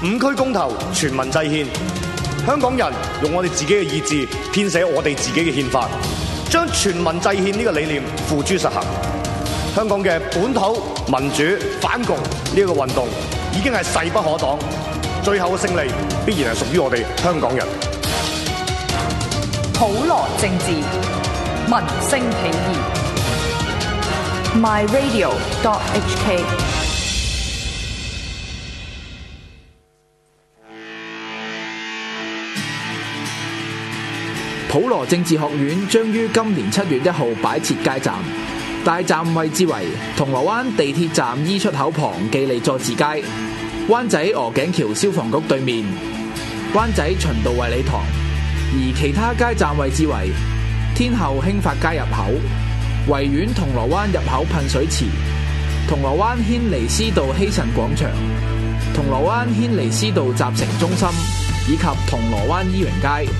五區公投，全民制憲，香港人用我哋自己嘅意志編寫我哋自己嘅憲法，將全民制憲呢個理念付諸實行。香港嘅本土民主反共呢個運動已經係勢不可擋，最後嘅勝利必然係屬於我哋香港人。普羅政治，民聲起義。MyRadio.HK。普羅政治學院將於今年七月一號擺設街站，大站位置為銅鑼灣地鐵站 E 出口旁記利佐治街、灣仔鵝頸橋消防局對面、灣仔循道衛理堂；而其他街站位置為天后興發街入口、維園銅鑼灣入口噴水池、銅鑼灣軒尼詩道希慎廣場、銅鑼灣軒尼詩道集成中心以及銅鑼灣伊榮街。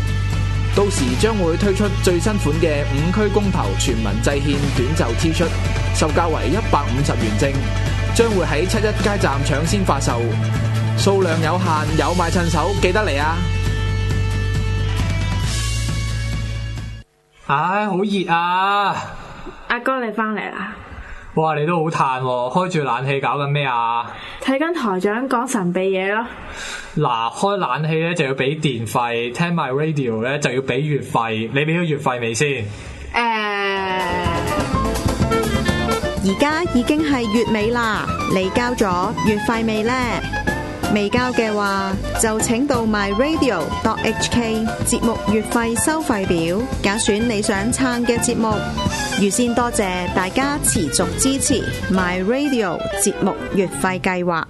到時將會推出最新款嘅五區公投全民制憲短袖 T 恤，售價為一百五十元正，將會喺七一街站搶先發售，數量有限，有買趁手，記得嚟啊！唉、哎，好熱啊！阿哥你翻嚟啦！哇！你都好嘆，開住冷氣搞緊咩啊？睇緊台長講神秘嘢咯。嗱，開冷氣咧就要俾電費，聽埋 radio 咧就要俾月費。你俾咗月費未先？誒、欸，而家已經係月尾啦，你交咗月費未呢？未交嘅話，就請到 myradio.hk 節目月費收費表，揀選你想撐嘅節目。預先多謝大家持續支持 myradio 節目月費計劃。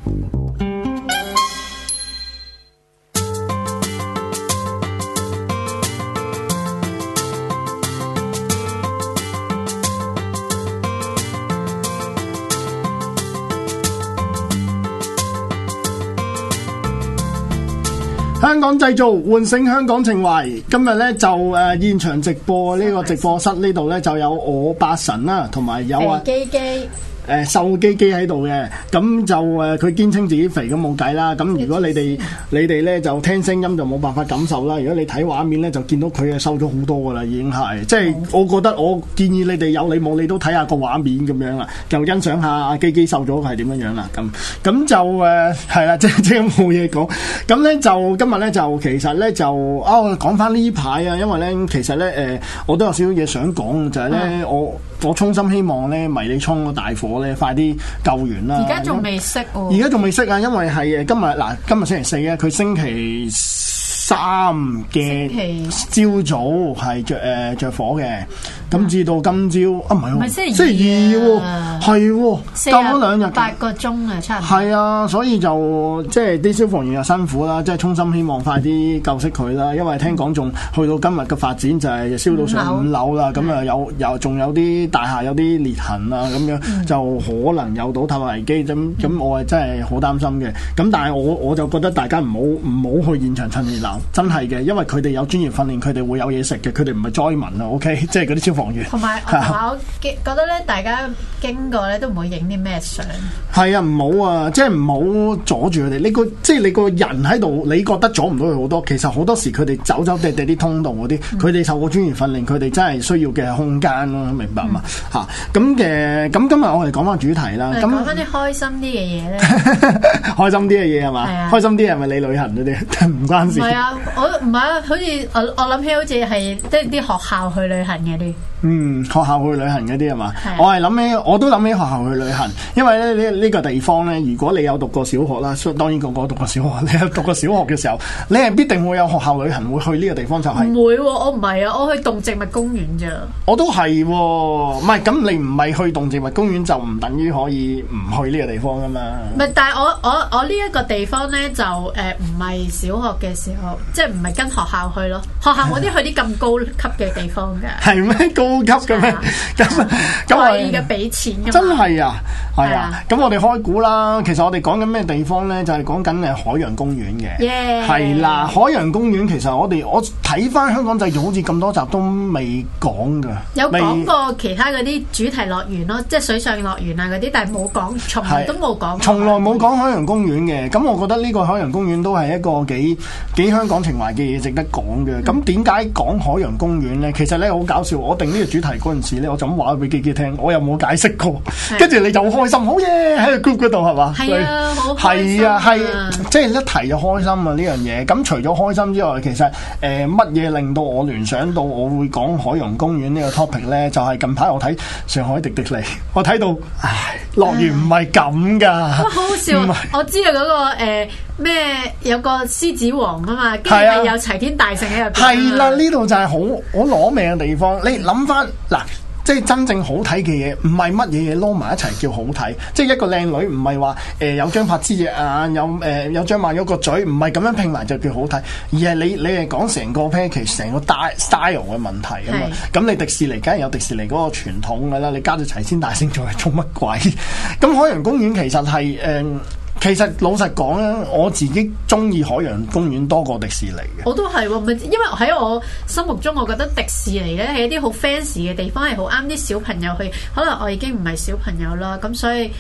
製造，喚醒香港情懷。今日呢，就誒、呃、現場直播呢個直播室呢度呢，就有我八神啦，同埋有，有啊璣璣。誒瘦璣璣喺度嘅，咁就誒佢堅稱自己肥咁冇計啦。咁如果你哋 你哋咧就聽聲音就冇辦法感受啦。如果你睇畫面咧就見到佢誒瘦咗好多噶啦，已經係 即係我覺得我建議你哋有理冇理都睇下個畫面咁樣啦，就欣賞下阿璣璣瘦咗係點樣樣啦。咁咁就誒係啦，即係即係冇嘢講。咁咧就今日咧就其實咧就啊講翻呢排啊，因為咧其實咧誒、呃、我都有少少嘢想講，就係、是、咧、啊、我我衷心希望咧迷你倉個大火。我哋快啲救援啦！而家仲未熄喎，而家仲未熄啊，因為係誒今日嗱，今日星期四啊，佢星期三嘅朝早係着誒着火嘅。咁至到今朝，啊唔係係喎，星期二喎，係喎、啊，救咗兩日八個鐘啊，差唔多係啊，所以就即係啲消防員又辛苦啦，即係衷心希望快啲救熄佢啦。因為聽講仲去到今日嘅發展就係燒到上五樓啦，咁啊樓有有仲有啲大廈有啲裂痕啊，咁樣就可能有倒塌危機咁。咁 我係真係好擔心嘅。咁但係我我就覺得大家唔好唔好去現場趁熱鬧，真係嘅，因為佢哋有專業訓練，佢哋會有嘢食嘅，佢哋唔係災民啊。OK，即係啲消防。同埋同埋，我， 我覺得咧，大家經過咧都唔會影啲咩相。係啊，唔好啊，即係唔好阻住佢哋。你個即係你個人喺度，你覺得阻唔到佢好多。其實好多時佢哋走走跌跌啲通道嗰啲，佢哋、嗯、受過專業訓練，佢哋真係需要嘅空間咯，明白嘛？嚇咁嘅，咁今日我哋講翻主題啦。講翻啲開心啲嘅嘢咧， 開心啲嘅嘢係嘛？啊、開心啲係咪你旅行嗰啲？唔 關事。唔係啊，我唔係啊，好似我我諗起好似係即係啲學校去旅行嘅啲。嗯，學校去旅行嗰啲係嘛？是啊、我係諗起，我都諗起學校去旅行，因為咧呢呢個地方咧，如果你有讀過小學啦，當然個個讀過小學，你有讀過小學嘅時候，你係必定會有學校旅行，會去呢個地方就係、是。唔會、哦，我唔係啊，我去動植物公園咋？我都係、哦，唔係咁你唔係去動植物公園就唔等於可以唔去呢個地方噶嘛？唔係，但係我我我呢一個地方咧就誒唔係小學嘅時候，即係唔係跟學校去咯？學校我啲去啲咁高級嘅地方嘅係咩？ 高級嘅咩？咁咁我畀錢真係啊，係 那啊。咁、啊、我哋開估啦。其實我哋講緊咩地方呢？就係講緊誒海洋公園嘅，係啦 Yeah.、啊。海洋公園其實我哋我睇翻香港製造好似咁多集都未講㗎，有講過其他嗰啲主題樂園咯，即係水上樂園啊嗰啲，但係冇講，從來都冇講，從來冇講海洋公園嘅。咁我覺得呢個海洋公園都係一個幾幾香港情懷嘅嘢，值得講嘅。咁點解講海洋公園呢？其實呢，好搞笑，我定。呢個主題嗰陣時咧，我就咁話俾璣璣聽，我又冇解釋過，跟住、啊、你就開心，好嘢？喺個 group 嗰度係嘛？係啊，好耶啊開心。係啊，即係、啊、一提就開心啊呢樣嘢。咁除咗開心之外，其實誒乜嘢令到我聯想到我會講海洋公園呢個 topic 咧？就係、是、近排我睇上海迪士尼，我睇到唉，樂園唔係咁噶，好、啊、是好笑。我知啊、那個，嗰個誒。咩有個獅子王啊嘛，跟住有齊天大聖喺入邊。係啦、啊，呢度就係好好攞命嘅地方。你諗翻嗱，即係真正好睇嘅嘢，唔係乜嘢嘢，攞埋一齊叫好睇。即係一個靚女，唔係話誒有張柏芝個眼，有誒、呃、有張曼玉個嘴，唔係咁樣拼埋就叫好睇。而係你你係講成個 package 成個 style 嘅問題啊嘛。咁是你迪士尼梗係有迪士尼嗰個傳統噶啦，你加對齊天大聖做係做乜鬼？咁 海洋公園其實係誒。嗯其實老實講咧，我自己中意海洋公園多過迪士尼嘅。我都係，唔係因為喺我心目中，我覺得迪士尼咧係一啲好 fans 嘅地方，係好啱啲小朋友去。可能我已經唔係小朋友啦，咁所以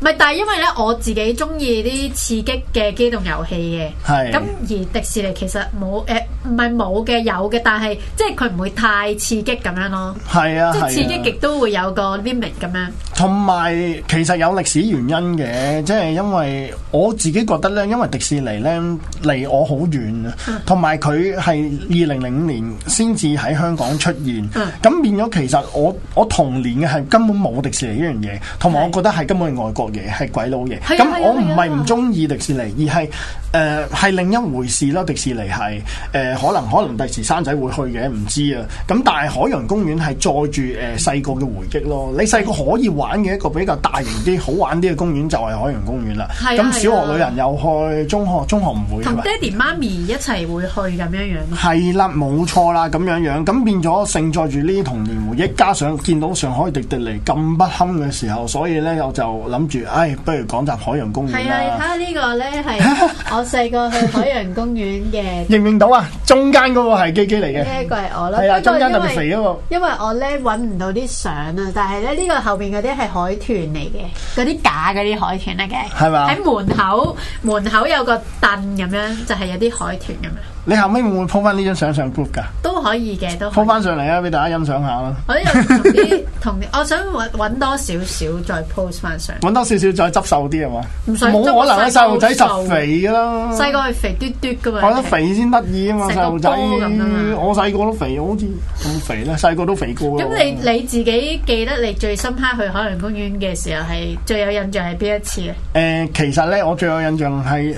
唔係，但係因為咧我自己中意啲刺激嘅機動遊戲嘅，係、啊，咁而迪士尼其實冇誒唔係冇嘅，有嘅、呃，但係即係佢唔會太刺激咁樣咯。係啊，即係刺激極都會有個 limit 咁樣。同埋、啊啊、其實有歷史原因嘅，即係因為我自己覺得咧，因為迪士尼咧離我好遠啊，同埋佢係二零零五年先至喺香港出現，咁、啊、變咗其實我我童年嘅係根本冇迪士尼呢樣嘢，同埋我覺得係根本係外國。嘢係鬼佬嘢，咁我唔係唔中意迪士尼，而係。誒，係、呃、另一回事啦。迪士尼係誒、呃，可能可能第時生仔會去嘅，唔知啊。咁但係海洋公園係載住誒細個嘅回憶咯。你細個可以玩嘅一個比較大型啲、好玩啲嘅公園就係海洋公園啦。咁、啊、小學女人又去，啊、中學中學唔會。同爹哋媽咪一齊會去咁樣樣。係啦，冇錯啦，咁樣樣。咁變咗盛載住呢啲童年回憶，加上見到上海迪迪尼咁不堪嘅時候，所以呢，我就諗住，唉，不如講集海洋公園啦。係啊，你睇下呢個呢。係。 我細個去海洋公園嘅 認唔認到啊？中間嗰個係璣璣嚟嘅，呢個係我咯。係啊的，中間係肥嗰個？因為我咧揾唔到啲相啊，但係咧呢、這個後邊嗰啲係海豚嚟嘅，嗰啲假嗰啲海豚嚟嘅，係嘛吧？喺門口門口有個凳咁樣，就係、是、有啲海豚咁樣。你後屘會唔會 po 翻呢張相上 group 噶都可以嘅，都 po 翻上嚟啊，俾大家欣賞下啦。我有啲同， 同，我想揾多少少再 post 翻上，揾多少少再執瘦啲係嘛？冇可能啊，細路仔實肥噶咯。細個係肥嘟嘟噶嘛。我覺得肥先得意啊嘛，細路仔。我細個都肥，我好似咁肥咧，細個 都肥過。咁你你自己記得你最深刻去海洋公園嘅時候係最有印象係邊一次嘅？誒、呃，其實咧，我最有印象係。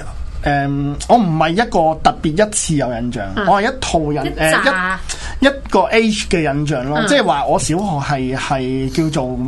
誒，um, 我唔係一個特別一次有印象，嗯、我係一套印誒一、嗯、一個 H 嘅印象咯，嗯、即係話我小學係係叫做，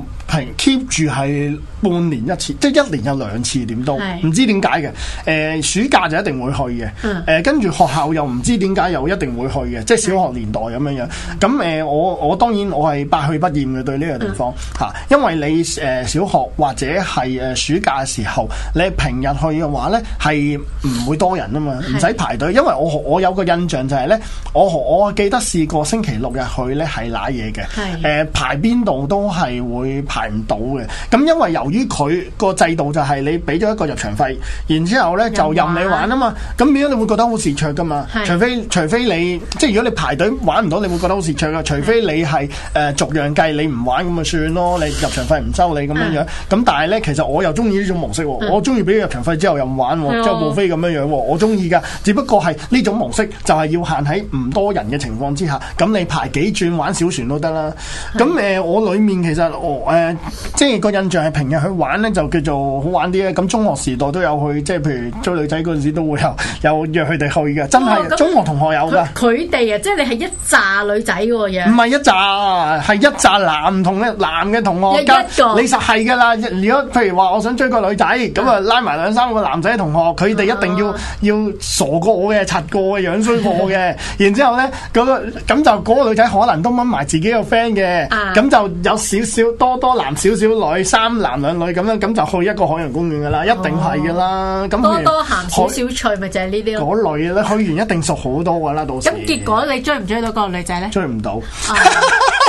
keep 住係半年一次，即係一年有兩次點都，唔知點解嘅。誒、呃、暑假就一定會去嘅，誒跟住學校又唔知點解又一定會去嘅，即係小學年代咁樣樣。咁誒、呃、我我當然我係百去不厭嘅對呢個地方嚇，嗯、因為你誒小學或者係誒暑假嘅時候，你平日去嘅話呢係唔會多人啊嘛，唔使排隊。因為我我有個印象就係呢，我我記得試過星期六日去呢係攋嘢嘅，誒、呃、排邊度都係會排。排唔到嘅，咁因為由於佢個制度就係你俾咗一個入場費，然之後呢，就任你玩啊嘛。咁點解你會覺得好蝕卓噶嘛是除？除非除非你即係如果你排隊玩唔到，你會覺得好蝕卓噶。除非你係誒逐樣計，你唔玩咁咪算咯。你入場費唔收你咁樣，嗯、樣。咁但係呢，其實我又中意呢種模式，嗯、我中意俾入場費之後任唔玩，即係無非咁樣樣。我中意噶，只不過係呢種模式就係，是、要限喺唔多人嘅情況之下，咁你排幾轉玩小船都得啦。咁誒的，我裏面其實我誒。呃呃即係個印象係平日去玩咧就叫做好玩啲咧，咁中學時代都有去，即係譬如追女仔嗰陣時都會有有約佢哋去嘅，真係中學同學有噶。佢哋啊，即係你係一紮女仔嘅，又唔係一扎，係一紮男同男嘅同學。一個其實係噶啦，如果譬如話我想追個女仔，咁啊拉埋兩三個男仔同學，佢哋一定要要傻過我嘅、賊過我嘅、樣衰過我嘅，然之後咧個咁就嗰個女仔可能都掹埋自己個 friend 嘅，咁就有少少多多。男少少女，三男兩女，咁樣，咁就去一個海洋公園，一定係㗎喇。這樣，oh, 多多咸少少脆，咪就係呢啲咯？海...嗰類嘅呢，去完一定熟好多㗎喇，到時 咁結果你追唔追到嗰個女仔呢?追唔到 嗯,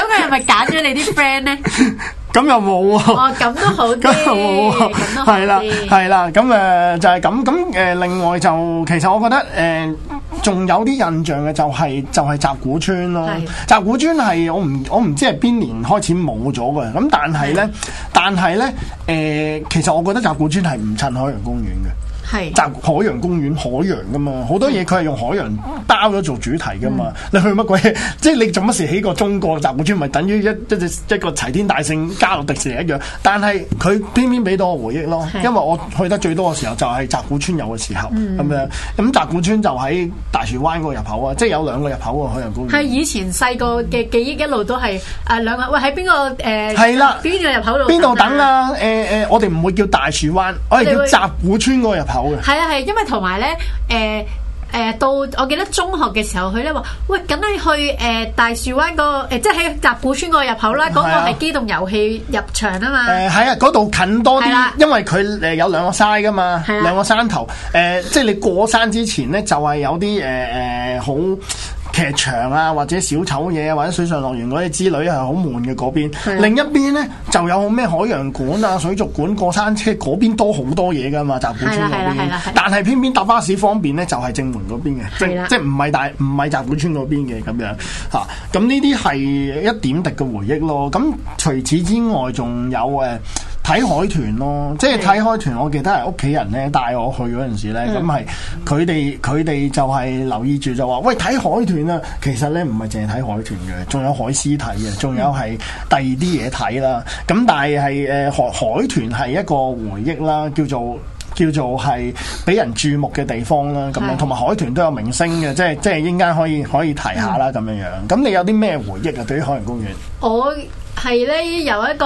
咁佢係咪揀咗你啲 friend 呢? 咁又冇喎。哦，咁都好。係喇,係喇,咁就係咁，咁另外就，其實我覺得仲有啲印象嘅就係、是、就係、是、集古村咯，的集古村係我唔我唔知係邊年開始冇咗嘅，咁但係咧的但係咧，誒，其實我覺得集古村係唔襯海洋公園嘅。係海洋公園海洋噶嘛，好多嘢佢係用海洋包咗做主題噶嘛。嗯、你去乜鬼？即係你做乜時起個中國集古村，咪等於一一隻、就是、一個齊天大聖加落迪士尼一樣。但係佢偏偏俾到我回憶咯，因為我去得最多嘅時候就係、是、集古村有嘅時候咁樣。咁、嗯、集古村就喺大樹灣個入口啊，即係有兩個入口個海洋公園。係以前細個嘅記憶一路都係誒、啊、兩個喂喺邊個誒？係、呃、啦，邊的個入口度？邊度等啊？誒、呃、誒，我哋唔會叫大樹灣，我哋叫集古村嗰個入口。係、 嗯、啊，係、啊，因為同埋咧，誒誒、呃，到我記得中學嘅時候佢咧，話喂，咁你去誒、呃、大樹灣嗰、那個即係喺集古村個入口啦，嗰、呃、個係機動遊戲入場啊嘛。誒、呃，係啊，嗰度近多啲，啊、因為佢誒有兩個山噶嘛，啊、兩個山頭誒、呃，即係你過山之前咧，就係有啲誒誒好。呃劇場啊，或者小丑嘢啊，或者水上樂園嗰啲之類係好悶嘅嗰邊。的另一邊呢，就有咩海洋館啊、水族館、過山車，嗰邊多好多嘢㗎嘛，集古村嗰邊。但係偏偏搭巴士方便呢，就係、是、正門嗰邊嘅的，即即唔係大唔係集古村嗰邊嘅咁樣吓。咁呢啲係一點滴嘅回憶咯。咁除此之外，仲有誒。睇海豚咯，即係睇海豚。我記得係屋企人咧帶我去嗰陣時咧，咁係佢哋佢哋就係留意住就話：喂，睇海豚啊！其實咧唔係淨係睇海豚嘅，仲有海獅睇嘅，仲有係第二啲嘢睇啦。咁、嗯、但係係誒海海豚係一個回憶啦，叫做叫做係俾人注目嘅地方啦。咁、嗯、樣同埋海豚都有明星嘅，即係即係應該可以可以提下啦咁樣樣。咁你有啲咩回憶啊？對於海洋公園，我。係咧有一個，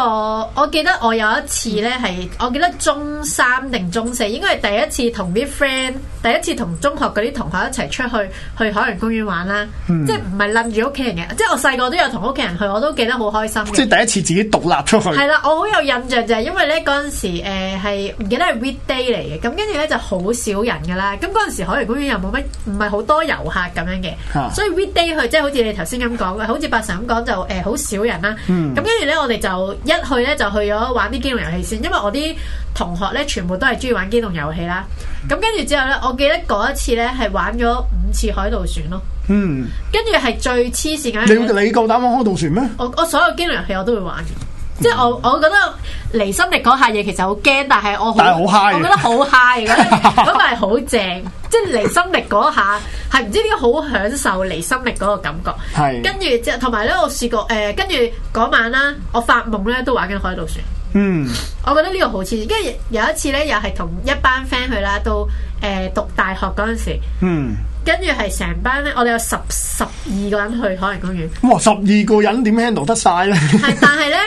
我記得我有一次咧係，我記得中三定中四，應該係第一次同啲 friend，第一次同中學嗰啲同學一齊出去去海洋公園玩啦，嗯、即係唔係冧住屋企人嘅，即係我細個都有同屋企人去，我都記得好開心即係第一次自己獨立出，去，係啦，我好有印象就係因為咧嗰陣時誒係唔記得係 week day 嚟嘅，咁跟住咧就好少人噶啦，咁嗰陣時海洋公園又冇乜唔係好多遊客咁樣嘅，啊、所以 week day 去即係好似你頭先咁講，好似八神咁講就誒好、呃、少人啦，嗯跟住咧，我哋就一去咧就去咗玩啲機動遊戲先，因為我啲同學咧全部都係中意玩機動遊戲啦。咁跟住之後咧，我記得嗰一次咧係玩咗五次海盜船咯、喔。嗯。跟住係最黐線嘅。你你夠膽玩海盜船咩？我我所有機動遊戲我都會玩、嗯、即係我我覺得離心力嗰下嘢其實好驚，但係我好，但係好 high，我覺得好 high，嗰個係好正。即係離心力嗰下，係唔知點樣好享受離心力嗰個感覺。係是跟住即係同埋咧，我試過誒、呃，跟住嗰晚啦，我發夢咧都玩緊海盜船。嗯，我覺得呢個好似，因為有一次咧，又係同一班 friend 去啦，到誒、呃、讀大學嗰陣時。嗯。跟住係成班咧，我哋有十十二個人去海洋公園。哇！十二個人點 handle 得晒咧？係 但係咧。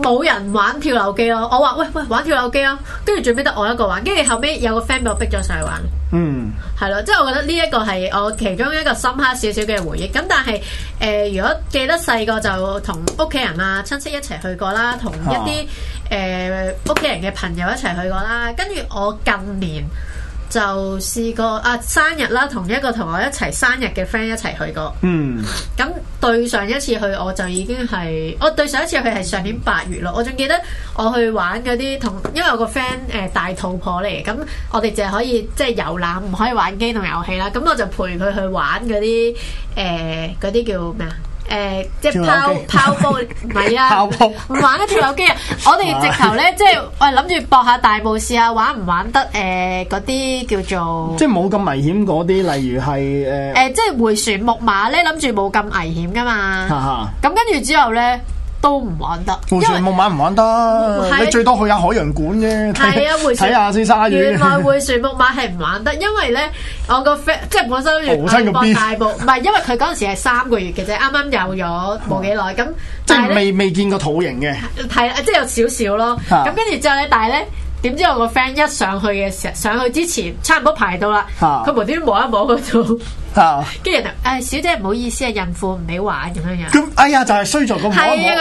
冇人玩跳樓機咯，我話，喂喂玩跳樓機咯，跟住最尾得我一個玩，跟住後尾有個 friend 俾我逼咗上去玩。嗯，係咯，即係我覺得呢一個係我其中一個深刻少少嘅回憶。咁但係誒、呃，如果記得細個就同屋企人啊、親戚一齊去過啦，同一啲誒屋企人嘅朋友一齊去過啦，跟住、哦呃、我近年。就試過啊生日啦，同一個同我一齊生日嘅 friend 一齊去過。嗯，咁對上一次去我就已經係我對上一次去係上年八月咯。我仲記得我去玩嗰啲同，因為我個 friend 誒大肚婆嚟，咁我哋淨係可以即係遊覽，唔可以玩機動遊戲啦。咁我就陪佢去玩嗰啲誒嗰啲叫咩啊？誒、呃，即係拋拋波，唔係球球 啊，唔球 玩啊，跳樓機啊！ 我哋直頭咧，即係我係諗住搏下大霧，試下玩唔玩得誒，嗰、呃、啲叫做即係冇咁危險嗰啲，例如係誒，誒、呃呃，即係回旋木馬咧，諗住冇咁危險噶嘛。咁跟住之後咧。都唔玩得，回旋木馬唔玩得，你最多去下海洋館啫，睇下先鯊魚。原來回旋木馬係唔玩得，因為咧我個 friend 即係本身要放大木，唔係因為佢嗰陣時係三個月嘅啫，啱啱有咗冇幾耐，咁 但係呢未未見過肚形嘅，係即係有少少咯。咁跟住之後咧，但係咧。點知我個 friend 一上去嘅時候，上去之前差唔多排到啦，佢、啊、無端端摸一摸嗰肚，跟住，誒小姐唔好意思啊，孕婦唔俾玩咁樣樣。咁哎呀就係衰咗個摸，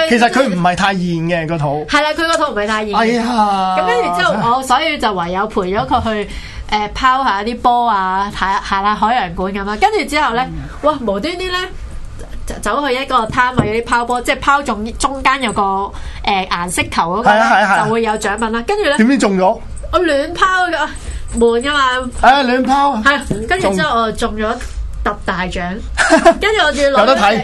其實佢唔係太現嘅個肚。係啦，佢個肚唔係太現。哎呀！咁跟住之後真是 我所以就唯有陪咗佢去誒拋、呃、下啲波啊，睇下啦海洋館咁啦。跟住之後咧，嗯、哇無端啲咧。走去一個攤位，啲拋波，即係拋中中間有個誒顏、呃、色球嗰、那個， 就會有獎品啦。跟住咧，點知中咗？我亂拋噶，悶、啊、噶嘛。誒、啊，亂拋。係，跟住之後我就中咗特大獎。跟住 我仲要攞咗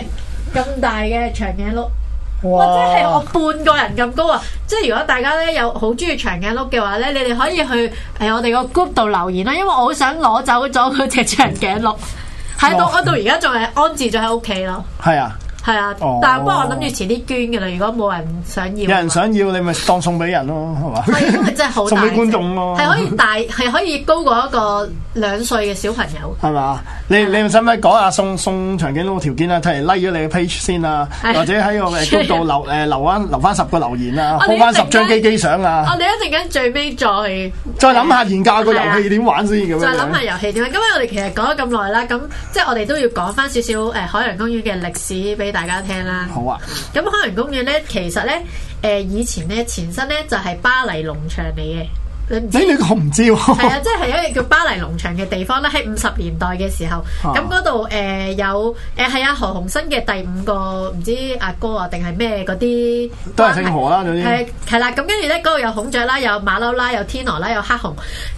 咁大嘅長頸鹿。 或者係我半個人咁高啊！即係如果大家咧有好中意長頸鹿嘅話咧，你哋可以去誒、哎、我哋個 group 度留言啦，因為我好想攞走咗佢隻長頸鹿。 睇 到我到而家仲係安置咗喺屋企咯。係啊。係啊，但係不過我諗住遲啲捐嘅啦，如果冇人唔想要，有人想要你咪當送俾人咯，係嘛？送俾觀眾咯，係可以大係可以高過一個兩歲嘅小朋友。係嘛？你你使唔使講下送送長頸鹿嘅條件啊？睇嚟 like 咗你嘅 page 先啊，或者喺個誒度留誒留翻留翻十個留言啊，鋪翻十張機機相啊。我哋一陣間最尾再再諗下原價個遊戲點玩先咁樣，再諗下遊戲點玩。咁因為我哋其實講咗咁耐啦，咁即係我哋都要講翻少少誒海洋公園嘅歷史俾大。大家聽啦，好啊。咁海洋公園咧，其實咧，誒、呃、以前咧前身咧就係、是、巴黎農場嚟嘅。誒，你我唔知喎、哦。係 啊，即係係一個叫巴黎農場嘅地方咧。喺五十年代嘅時候，咁嗰度誒有誒係啊，那那呃、啊何鴻燊嘅第五個唔知阿、啊、哥啊，定係咩嗰啲都係姓何啦嗰啲係係啦。咁跟住咧，嗰度、啊、有孔雀啦，有馬騮啦，有天鵝啦，有，ino，有黑熊。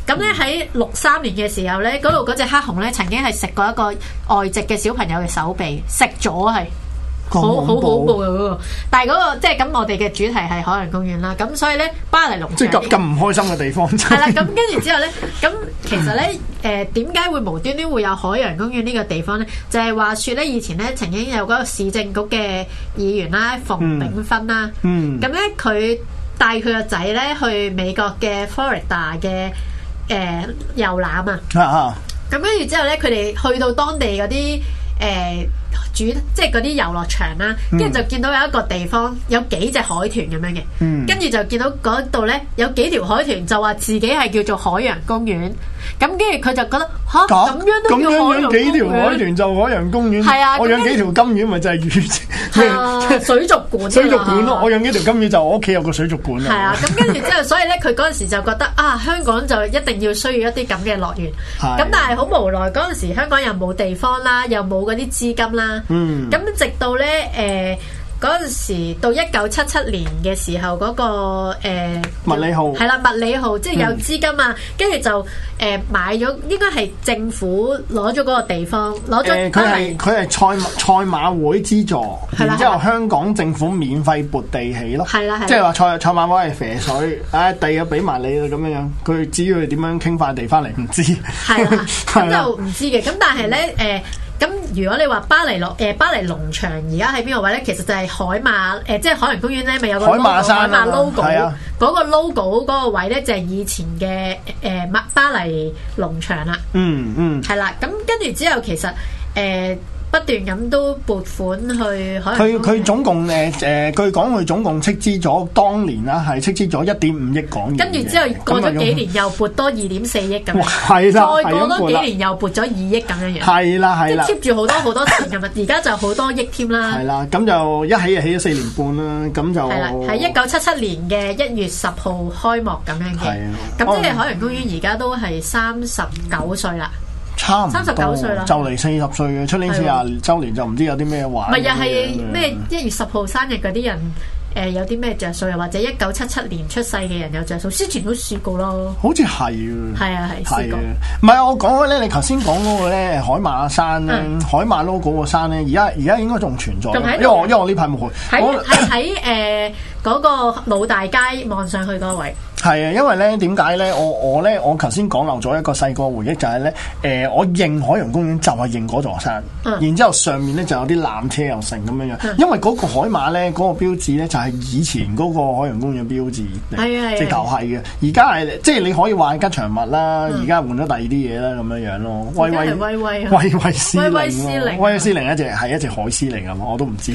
咁咧喺六三年嘅時候咧，嗰度嗰隻黑熊咧曾經係食過一個外籍嘅小朋友嘅手臂，食咗係。好好恐怖啊！嗰 但係嗰、嗰個即係咁，我哋嘅主題係海洋公園啦。咁所以咧，巴黎龍即係咁咁唔開心嘅地方。係啦 邊，咁跟住之後咧，咁其實咧，誒點解會無端端會有海洋公園呢個地方咧？就係、係、話説咧，以前咧曾經有嗰個市政局嘅議員啦，馮炳芬啦，咁咧佢帶佢個仔咧去美國嘅 Florida 嘅誒、呃呃、遊覽啊。啊咁跟住之後咧，佢哋去到當地嗰啲。誒，主、呃、即係嗰啲遊樂場啦、啊，跟住、嗯、就見到有一個地方有幾隻海豚咁樣嘅，跟住就見到嗰度呢，嗯、有幾條海豚就話自己係叫做海洋公園。咁跟住佢就覺得吓，咁樣都要，咁樣養幾條海豚就海洋公園。係啊，我養幾條金魚咪就係魚。係水族館。水族館咯，我養幾條金魚就我屋企有個水族館。係啊，咁跟住之後，所以咧佢嗰陣時就覺得啊，香港就一定要需要一啲咁嘅樂園。係、啊，咁但係好無奈嗰陣時香港又冇地方啦，又冇嗰啲資金啦。嗯，咁直到咧誒。呃嗰陣時到一九七七年嘅時候，嗰、那個麥、呃、理浩係啦，麥理浩即係有資金啊，跟住就誒、呃、買咗，應該係政府攞咗嗰個地方，攞咗。佢係佢係賽賽馬會資助， 然之後香港政府免費撥地起咯。係啦、啊，即係話賽賽馬會係肥水，第二日俾埋你啦，咁樣樣。佢至於點樣傾翻地翻嚟，唔知。係啦、啊，咁就唔知嘅。咁、 啊 啊、但係咧誒。呃呃咁如果你話巴黎落誒，巴黎農場而家喺邊個位咧？其實就係海馬誒，即係海洋公園咧，咪有個海馬 logo，嗰個 logo 嗰個位咧就係以前嘅誒、巴黎農場啦。嗯嗯，係啦，咁跟住之後其實誒。不斷咁都撥款去海洋公園。佢佢總共誒誒，據講佢總共斥資咗當年啦，係斥資咗一點五億港元。跟住之後過咗幾年又撥多二點四億咁樣。係啦。再過多幾年又撥咗二億咁樣樣。係啦係啦。即係 keep 住好多好多錢噶嘛，而家就好多億添啦。係啦，咁就一起就起咗四年半啦，咁就。係啦。喺一九七七年嘅一月十號開幕咁樣嘅。係啊。咁即係海洋公園而家都係三十九歲啦。差唔多，三十九歲喇，就嚟四十歲嘅，出年四十周年就唔知有啲咩玩。咪又係咩一月十號生日嗰啲人，誒，有啲咩着數，又或者一九七七年出世嘅人有着數，之前都說過咯。好似係啊，係啊係，係啊，唔係啊，我講嗰咧，你頭先講嗰個咧，海馬山咧，海馬 logo 個山咧，而家而家應該仲存在，因為因為我呢排冇去，喺喺誒。嗰個老大街望上去個位係啊因為咧點解咧？我我咧我頭先講漏咗一個細個回憶，就係咧誒，我認海洋公園就係認嗰座山，然之後上面咧就有啲纜車又成咁樣樣，因為嗰個海馬咧嗰個標誌咧就係以前嗰個海洋公園嘅標誌。係啊係即係舊係嘅。而家係即係你可以話係吉祥物啦，而家換咗第二啲嘢，啦咁樣樣咯。威威威威威威斯靈，威威斯靈，威威斯靈一隻係一隻海獅靈啊！我都唔知，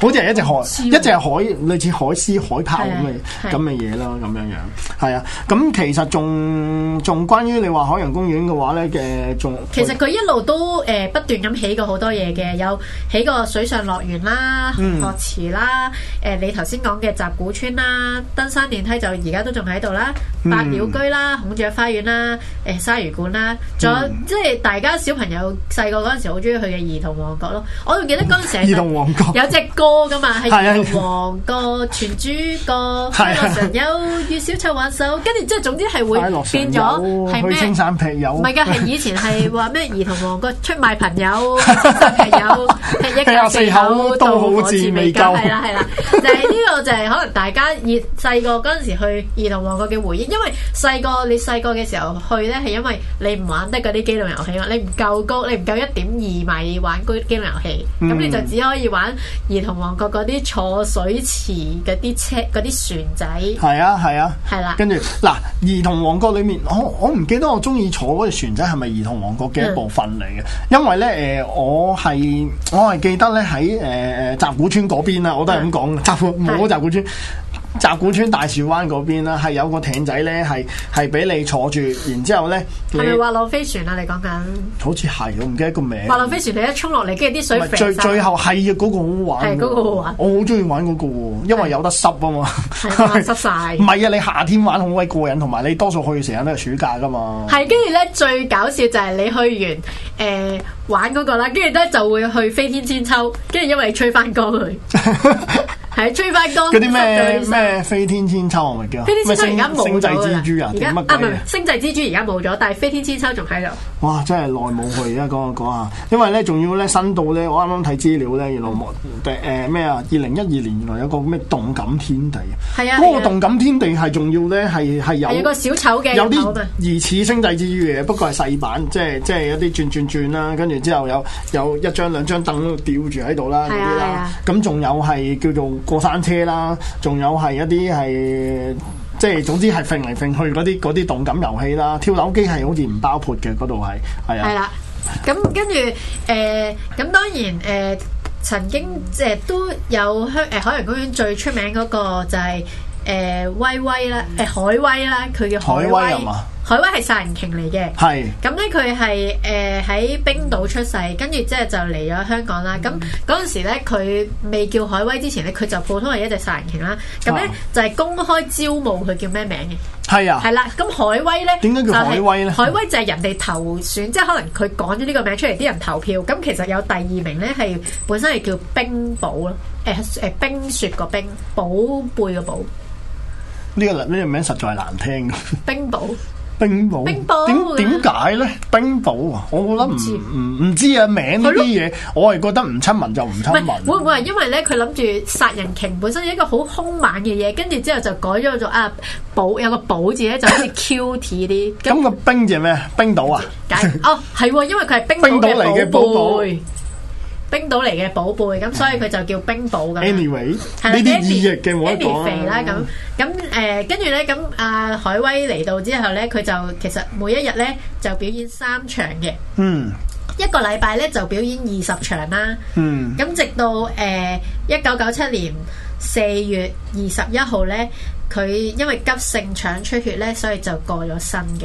好似係一隻海，一隻海類似海。啲海豹咁嘅咁嘅嘢咯，咁樣樣，係啊。咁其實仲仲關於你話海洋公園嘅話咧嘅，仲其實佢一路都誒、呃、不斷咁起過好多嘢嘅，有起過水上樂園啦、樂池啦、誒、嗯呃、你頭先講嘅集古村啦、登山電梯就而家都仲喺度啦、百鳥居啦、孔雀花園啦、誒、欸、鯊魚館啦，仲有、嗯、即係大家小朋友細個嗰陣時好中意去嘅兒童王國咯。我仲記得嗰陣時，係兒童王國有隻歌噶嘛，係王國全。 主角，快樂神友，與小丑玩手，跟住之後總之係會變咗，係咩？去青山劈友？唔係㗎，係以前係話咩？兒童王國出賣朋友，劈 友劈一家四口都好字未夠。係啦係啦，就係呢個就係可能大家以細個嗰陣時去兒童王國嘅回憶，因為細個你細個嘅時候去咧係因為你唔玩得嗰啲機動遊戲啊，你唔夠高，你唔夠一點二米玩嗰啲機動遊戲，咁你就只可以玩兒童王國嗰啲坐水池啲。啲車嗰啲船仔係啊係啊係啦，跟住嗱兒童王國裏面，我我唔記得我中意坐嗰隻船仔係咪兒童王國嘅一部分嚟嘅，嗯、因為咧誒、呃、我係我係記得咧喺誒誒集古村嗰邊啊。我都係咁講嘅，集古冇集古村。集古村大樹灣嗰邊啦，係有個艇仔咧，係係俾你坐住，然之後咧，係咪滑浪飛船啦，啊！你講緊，好似係我唔記得個名，啊。滑浪飛船，你一衝落嚟，跟住啲水。最最後係啊，嗰、嗰個嗰個好玩，係嗰個好玩。我好中意玩嗰個喎，因為有得濕啊嘛，係嘛濕晒。唔係啊，你夏天玩好鬼過癮，同埋你多數去嘅時間都係暑假噶嘛。係，跟住咧最搞笑就係你去完誒、呃、玩嗰，嗰個啦，跟住咧就會去飛天鞦韆，跟住因為你吹翻過去。 係吹翻光嗰啲咩咩飛天千秋我咪叫，咪天天星星際之珠啊？點乜在鬼啊？星際之珠而家冇咗，但係飛天千秋仲喺度。哇！真係耐冇去啊，講講講啊，因為咧仲要咧新到咧，我啱啱睇資料咧，原來冇咩啊，二零一二年原來有個咩動感天地係啊，不過動感天地係仲要咧係係有有個小丑嘅，有啲疑似星際之餘嘅，不過係細版，即係即係一啲轉轉轉啦，跟住之後有有一張兩張凳吊住喺度啦，嗰啲啦，啊，咁仲有係叫做過山車啦，仲有係一啲係。即係總之係揈嚟揈去嗰啲，嗰啲動感遊戲啦，跳樓機係好似唔包括嘅，嗰度係係啊。係啦，咁了 跟住誒，咁、呃、當然誒、呃、曾經誒、呃、都有香誒、呃、海洋公園最出名嗰個就係、是。誒、呃、威威啦，誒、呃、海威啦，佢叫海威，海威係殺人鯨嚟嘅。係咁咧，佢係誒喺冰島出世，跟住之後就嚟咗香港啦。咁嗰陣時咧，佢未叫海威之前咧，佢就普通係一隻殺人鯨啦。咁咧、啊、就係、是、公開招募佢叫咩名嘅？係啊，係啦、嗯。咁海威咧點解叫海威咧？海威就係人哋投選，嗯、即係可能佢講咗呢個名出嚟，啲人，家人家投票。咁、嗯、其實有第二名咧，係本身係叫冰寶咯，誒、呃、誒、呃、冰雪個冰，寶貝個寶。呢個呢個名實在難聽。冰島，冰島，呢冰島寶，點點解咧？冰島啊，我覺得唔唔唔知啊名呢啲嘢，對咯我係覺得唔親民就唔親民。會唔會係因為咧佢諗住殺人鯨本身係一個好兇猛嘅嘢，跟住之後就改咗做啊寶，有個寶字咧就好似 cute 啲。咁個冰字係咩？冰島啊？哦，係喎，因為佢係冰，冰島嚟嘅寶寶。冰島嚟嘅寶貝，咁所以佢就叫冰寶咁。Anyway，吧你，呃、呢啲意譯嘅我一肥啦，咁咁誒，跟住咧，咁阿海威嚟到之後咧，佢就其實每一日咧就表演三場嘅。嗯。一個禮拜咧就表演二十場啦。嗯。咁直到誒一九九七年四月二十一號咧，佢因為急性腸出血咧，所以就過咗身嘅。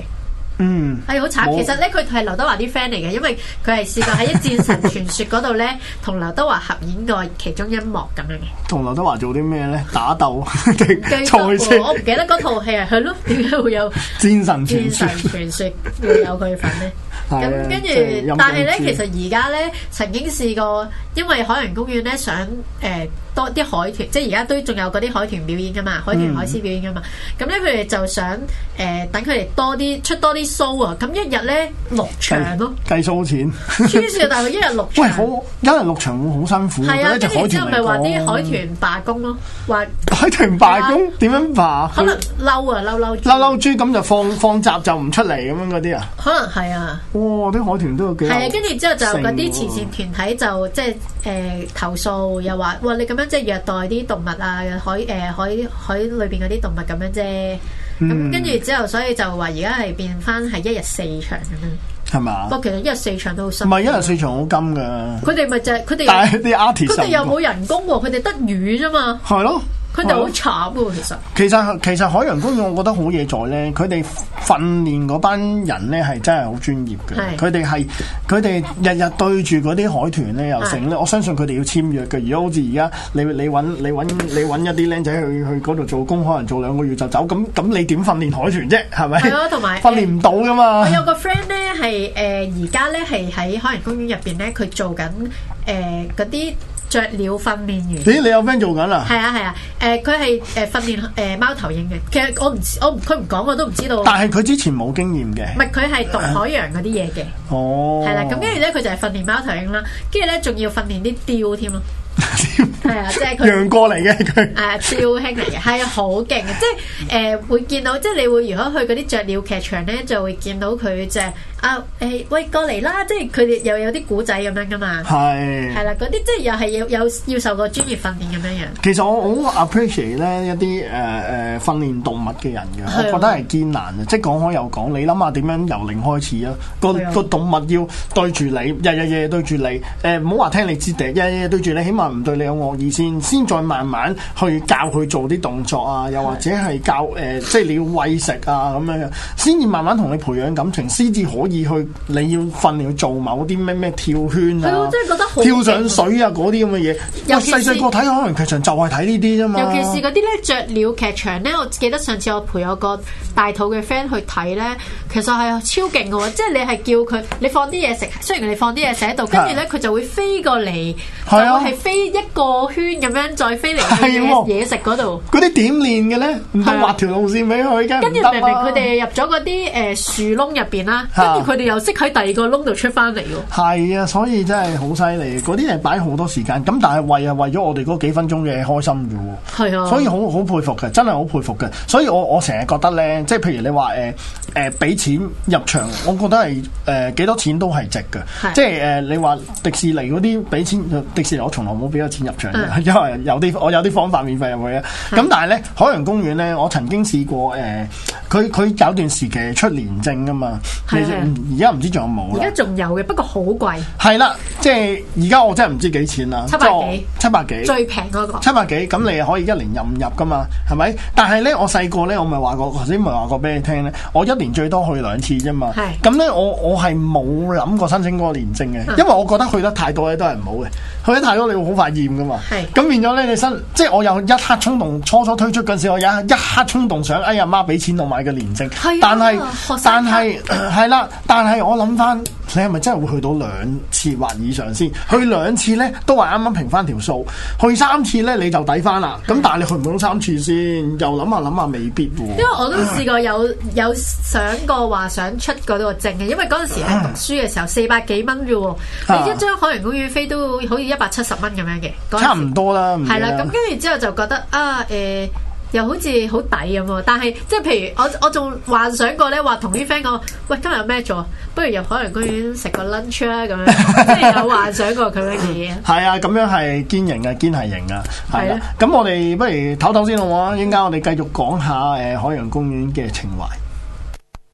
嗯，係好慘。其實咧，佢係劉德華啲 friend 嚟嘅，因為佢係試過喺《一戰神傳說》嗰度咧，同劉德華合演過其中一幕咁樣嘅。同劉德華做啲咩咧？打鬥？唔記得喎，我唔記得嗰套戲啊，係咯？點解會有《戰神傳說》？戰神傳說會有佢份咧？咁跟住，但係咧，其實而家咧，曾經試過，因為海洋公園咧想誒多啲海豚，即係而家都仲有嗰啲海豚表演噶嘛，海豚海獅表演噶嘛。咁咧，佢哋就想誒等佢哋多啲出多啲。show 啊，咁一日咧六場咯，計 show 錢。黐線，但係佢一日六場 喂好，一日六場會好辛苦。係啊，跟住之後咪話啲海豚罷工咯，話海豚罷工點、啊、樣罷？可能嬲啊，嬲嬲嬲嬲豬咁就放放閘就唔出嚟咁樣嗰啲啊。可能係啊，啊。哇，啲海豚都要幾係啊，跟住之後就嗰啲慈善團體就即係誒投訴，又話哇你咁樣即係虐待啲動物啊，海誒海海，海裏邊嗰啲動物咁樣啫。咁跟住之後，所以就話而家係變翻係一日四場咁樣，係嘛吧？不過其實一日四場都好深，唔係一日四場好金噶。佢哋咪就係佢哋，佢哋又冇人工，佢哋得魚啫嘛。係咯。佢哋好慘喎、啊，其實。其實其實海洋公園，我覺得好嘢在咧。佢哋訓練嗰班人咧，係真係好專業嘅。佢哋係佢哋日日對住嗰啲海豚咧，又成咧。我相信佢哋要簽約嘅。如果好似而家你你你你，你搵一啲僆仔去去嗰度做工，可能做兩個月就走，咁咁你點訓練海豚啫？係咪？係咯，同埋、呃、訓練唔到噶嘛。我有個 friend 咧，係誒而家咧係喺海洋公園入邊咧，佢做緊誒嗰啲。呃雀鳥訓練員？咦，你有 friend 做緊啊？係啊係啊，誒佢係誒訓練誒、呃、貓頭鷹嘅。其實我唔我佢唔講我都唔知道。但係佢之前冇經驗嘅。唔係佢係讀海洋嗰啲嘢嘅。哦，係啦。咁跟住咧，佢就係訓練貓頭鷹啦。跟住咧，仲要訓練啲雕添咯。係啊，即係佢楊過嚟嘅佢，係啊，超型嚟嘅，係啊，好勁嘅，即係誒會見到，即係你會如果去嗰啲雀鳥劇場咧，就會見到佢即係啊誒喂過嚟啦，即係佢哋又有啲古仔咁樣噶嘛，係係啦，嗰啲即係又係有有要受過專業訓練咁樣樣。其實我好 appreciate 咧一啲誒誒訓練動物嘅人嘅，我覺得係艱難嘅。即係講開又講，你諗下點樣由零開始啊？個個動物要對住你，日日日對住你，誒唔好話聽你指令，日日對住你，起碼。唔對你有惡意先，先再慢慢去教佢做啲動作啊，又或者係教誒、呃，即係你要餵食啊咁樣樣，先至慢慢同你培養感情，先至可以去你要訓練去做某啲咩咩跳圈啊，真係覺得跳上水啊嗰啲咁嘅嘢。細細個睇可能劇場就係睇呢啲啫嘛。尤其是嗰啲咧雀鳥劇場咧，我記得上次我陪我個大肚嘅 friend 去睇咧，其實係超勁嘅喎，即係你係叫佢你放啲嘢食，雖然你放啲嘢食喺度，跟住咧佢就會飛過嚟，佢係飛。一個圈咁樣，再飛嚟去嘢食嗰度，嗰啲點練嘅咧？唔通畫條路線俾佢噶？跟住的明明佢哋入咗嗰啲誒樹窿入邊啦，跟住佢哋又識喺第二個窿度出翻嚟噶係啊，所以真係好犀利。嗰啲係擺好多時間，咁但係為啊為咗我哋嗰幾分鐘嘅開心噶係啊的，所以好好佩服嘅，真係好佩服嘅。所以我我成日覺得咧，即係譬如你話誒誒俾錢入場，我覺得係誒幾多錢都係值噶。即係誒你話迪士尼嗰啲俾錢，迪士尼我從來。我俾個錢入場，因為有啲我有啲方法免費入去啊。咁但係咧海洋公園咧，我曾經試過誒，佢、呃、佢有段時期出年證噶嘛。係係的。而家唔知仲有冇？而家仲有嘅，不過好貴。係啦，即係而家我真係唔知幾錢啦。七百幾？七百幾？最平嗰、嗰個？七百幾？咁你可以一年任入噶嘛？係咪？但係咧，我細個咧，我咪話過頭先咪話過俾你聽咧，我一年最多去兩次啫嘛。係的。咁咧，我我係冇諗過申請嗰個年證嘅，因為我覺得去得太多咧都係唔好嘅，去得太多你好快厭噶嘛，咁變咗咧， 嗯、你身即係我有一刻衝動，初初推出嗰陣時，我有一刻衝動想，哎呀，媽俾錢給我買個年證，但係、哎、呀但係係啦，但係我諗翻。你係咪真係會去到兩次或以上先？去兩次咧都係啱啱平翻條數，去三次咧你就抵翻啦。咁的但係你去唔到三次先，又諗下諗下未必喎。因為我都試過有 有想過話想出嗰個證嘅，因為嗰陣時係讀書嘅時候四百幾蚊咋喎，你、啊、一張海洋公園飛都好似一百七十蚊咁樣嘅。差唔多啦。係啦。咁跟住之後就覺得啊誒、欸又好似好抵咁喎，但係即係譬如我我仲幻想過咧，話同啲 friend 講，喂今日有咩做？不如入海洋公園食個 lunch 啊，咁樣即係有幻想過佢嘅嘢。係啊，咁樣係堅型啊，堅係型啊。係啊，咁我哋不如唞唞先好唔好啊？陣間我哋繼續講下誒海洋公園嘅情懷。